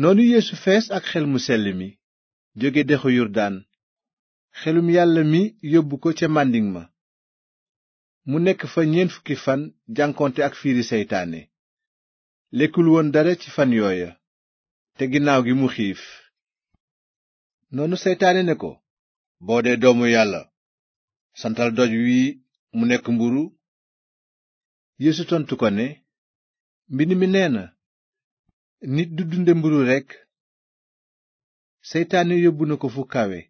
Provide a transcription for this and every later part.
noonu yéesu fees ak xel mu sell mi jóge dexu yurdaan xelum yàlla mi yóbbu ko ca màndiŋ ma mu nekk fa ñeent fukki fan jànkonte ak fiiri seytaane lekkul woon dara ci fan yooya te ginnaaw gi mu xiif noonu seytaane ne ko boo dee doomu yàlla santal doj wi mu nekk mburu yéesu tontu ko ne mbind mi nee na nit du dunde mburu rekk seytaane yóbbu na ko fu kawe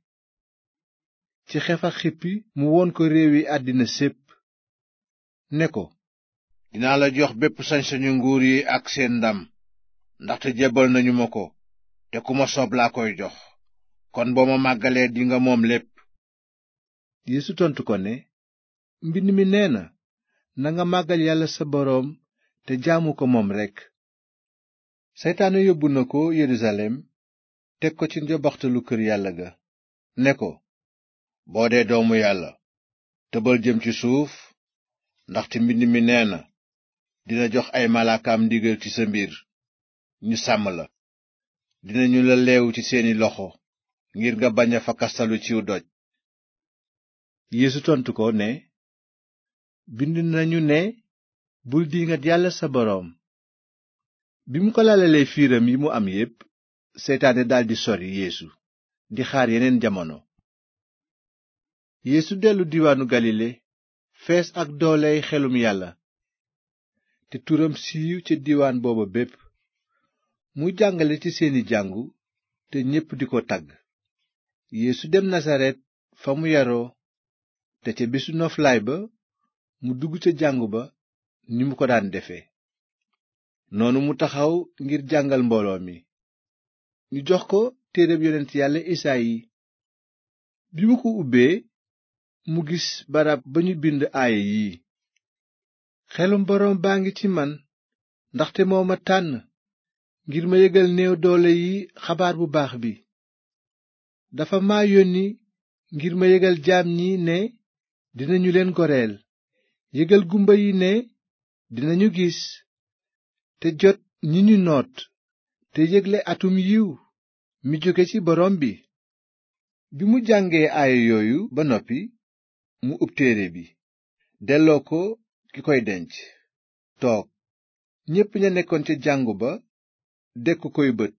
ci xefa xippi mu won ko réew yi àddina sépp ne ko dinaa la jox bépp sañ nguur yi ak seen ndam ndaxte jebal nañu ma ko te ku ma laa koy jox kon boo ma màggalee dinga moom lépp yéesu tontu ko ne mbind mi nee nanga màggal yàlla sa boroom te jaamu ko moom rekk seytaane yóbbu na ko yerusalem teg ko ci njobaxtalu kër yàlla ga ne ko boo dee doomu yàlla tëbal jëm ci suuf ndaxte mbind mi nee na dina jox ay malaakaam ndigal ci sa mbir ñu sàmm la ñu la leewu ci seeni loxo ngir nga bañ a fakastalu ciw doj yéesu tontu ko ne bind nañu ne bul diingat yàlla sa boroom bi mu ko lalalee fiiram yi mu am yépp seytaane daldi sori yéesu di xaar yeneen jamono yéesu dellu diwaanu galile fees ak dooley xelum yàlla te turam siiw ca diwaan booba bépp muy jàngale ci seeni jàngu te ñépp di ko tagg yéesu dem nasaret fa mu yaroo te ca bisu noflaay ba mu dugg ca jàngu ba ni mu ko daan defe noonu mu taxaw ngir jàngal mbooloo mi ñu jox ko téereb yonent yàlla isaayi bi mu ko ubbee mu gis barab ba ñu bind aaya yi xelum boroom baa ngi ci man ndaxte moo ma tànn ngir ma yëgal néew doole yi xabaar bu baax bi dafa maa yónni ngir ma yëgal jaam ñi ne dinañu leen goreel yëgal gumba yi ne dinañu gis te jot ñi ñu noot te yëgle atum yiw mi jóge ci borom bi bi mu jàngee aaya yooyu ba noppi mu ub téere bi delloo ko ki koy denc toog ñépp ña nekkoon ca jàngu ba dekk koy bët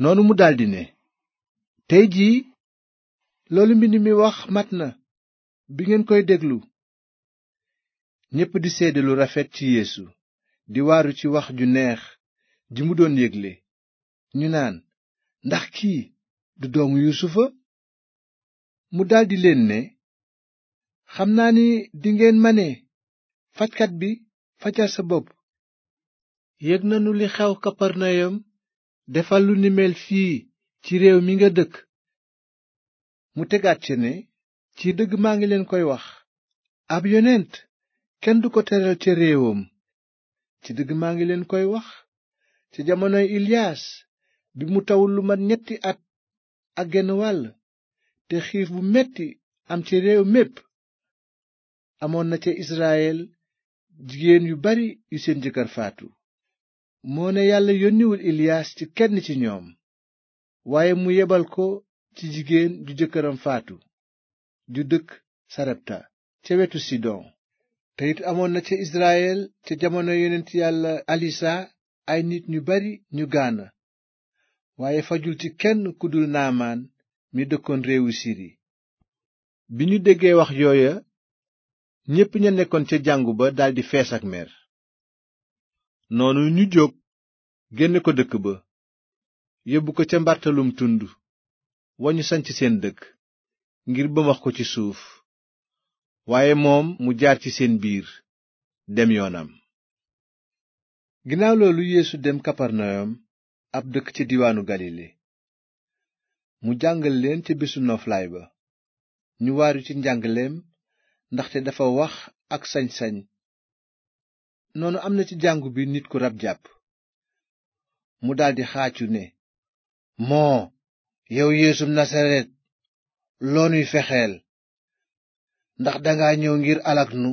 noonu mu daldi ne tey jii loolu mbind mi wax mat na bi ngeen koy déglu ñépp di seede lu rafet ci yeesu di waaru ci wax ju neex ji mu doon yégle ñu naan ndax kii du doomu yuusufa mu daldi leen ne xam naa ni dingeen ma ne fajkat bi fajar sa bopp yëg nanu li xew kaparnayom defal lu ni mel fii ci réew mi nga dëkk mu tegaat ca ne ci dëgg maa ngi leen koy wax ab yonent kenn du ko teral ca réewam ci digg maa ngi leen koy wax ci jamonoy Iliyaas bi mu tawul lu mat ñetti at ak genn wàll te xiif bu metti am ci réew mépp amoon na ca Israyel jigéen yu bari yu seen jëkkër faatu moo ne yàlla yónniwul Iliyaas ci kenn ci ñoom waaye mu yebal ko ci jigéen ju jëkkëram faatu ju dëkk Sarepta ca wetu Sidon te amoon na ca Israyel ca jamono yonent yàlla alisa ay nit ñu bari ñu gaana waaye fajul ci kenn ku dul naamaan mi dëkkoon réewu siri bi ñu déggee wax yooya ñépp ña nekkoon ca jàngu ba daldi fees ak mer noonu ñu jóg génne ko dëkk ba yóbbu ko ca mbartalum tund wañu sanc seen dëkk ngir bëmax ko ci suuf waaye moom mu jaar ci seen biir dem yoonam ginnaaw loolu yéesu dem kaparnayom ab dëkk ci diwaanu galile mu jàngal leen ca bésu noflaay ba ñu waaru ci njàngaleem ndaxte dafa wax ak sañ-sañ noonu am na ci jàngu bi nit ku rab jàpp mu daldi xaacu ne moo yow yeesu nasaret loo nuy fexeel ndax danga ñëw ngir alak nu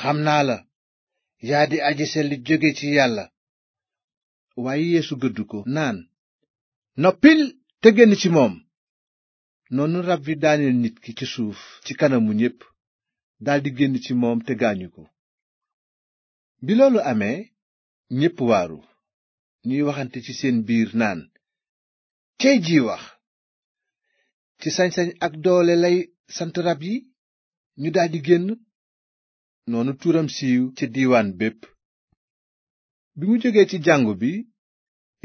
xam naa la yaa di aji sell li jóge ci yàlla waaye yeesu gëdd ko naan noppil te génn ci moom noonu rab wi daaneel nit ki ci suuf ci kanamu ñépp daldi génn ci moom te gaañu ko bi loolu amee ñépp waaru ñuy waxante ci seen biir naan cey ji wax ci sañ-sañ ak doole lay sant rab yi ñu daldi génn noonu turam siiw ci diiwaan bépp bi jógee ci jàngu bi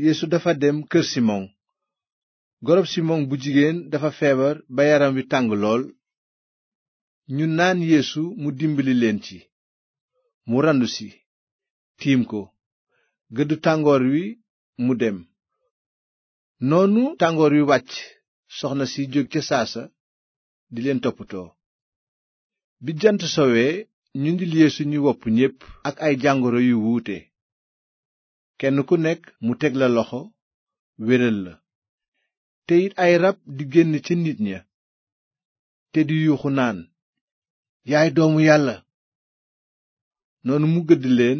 yeesu dafa dem kër simon gorob simon bu jigéen dafa feebar ba yaram wi tàng lool ñu naan yéesu mu dimbali leen ci mu randu si tiim ko gëddu tàngoor wi mu dem noonu tàngoor wi wàcc soxna si jóg ca saasa di leen toppatoo bi jant sowee ñu indil yeesu ñi wopp ñépp ak ay jàngoro yu wuute kenn ku nekk mu teg la loxo wéral la te it ay rab di génn ca nit ña te di yuuxu naan yaay doomu yàlla noonu mu gëdd leen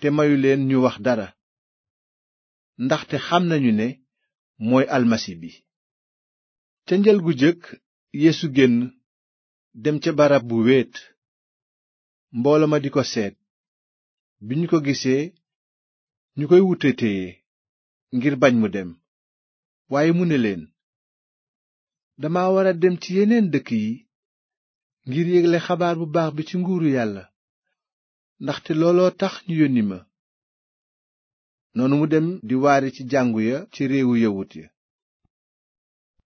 te mayu leen ñu wax dara ndaxte xam nañu ne mooy almasi bi njël gu jëkk yeesu génn dem ca barab bu wéet mbooloo ma di ko seet bi ñu ko gisee ñu koy wute téye ngir bañ mu dem waaye mu ne leen dama war a dem ci yeneen dëkk yi ngir yégle xabaar bu baax bi ci nguuru yàlla ndaxte looloo tax ñu yónni ma noonu mu dem di waare ci jàngu ya ci réewu yawut ya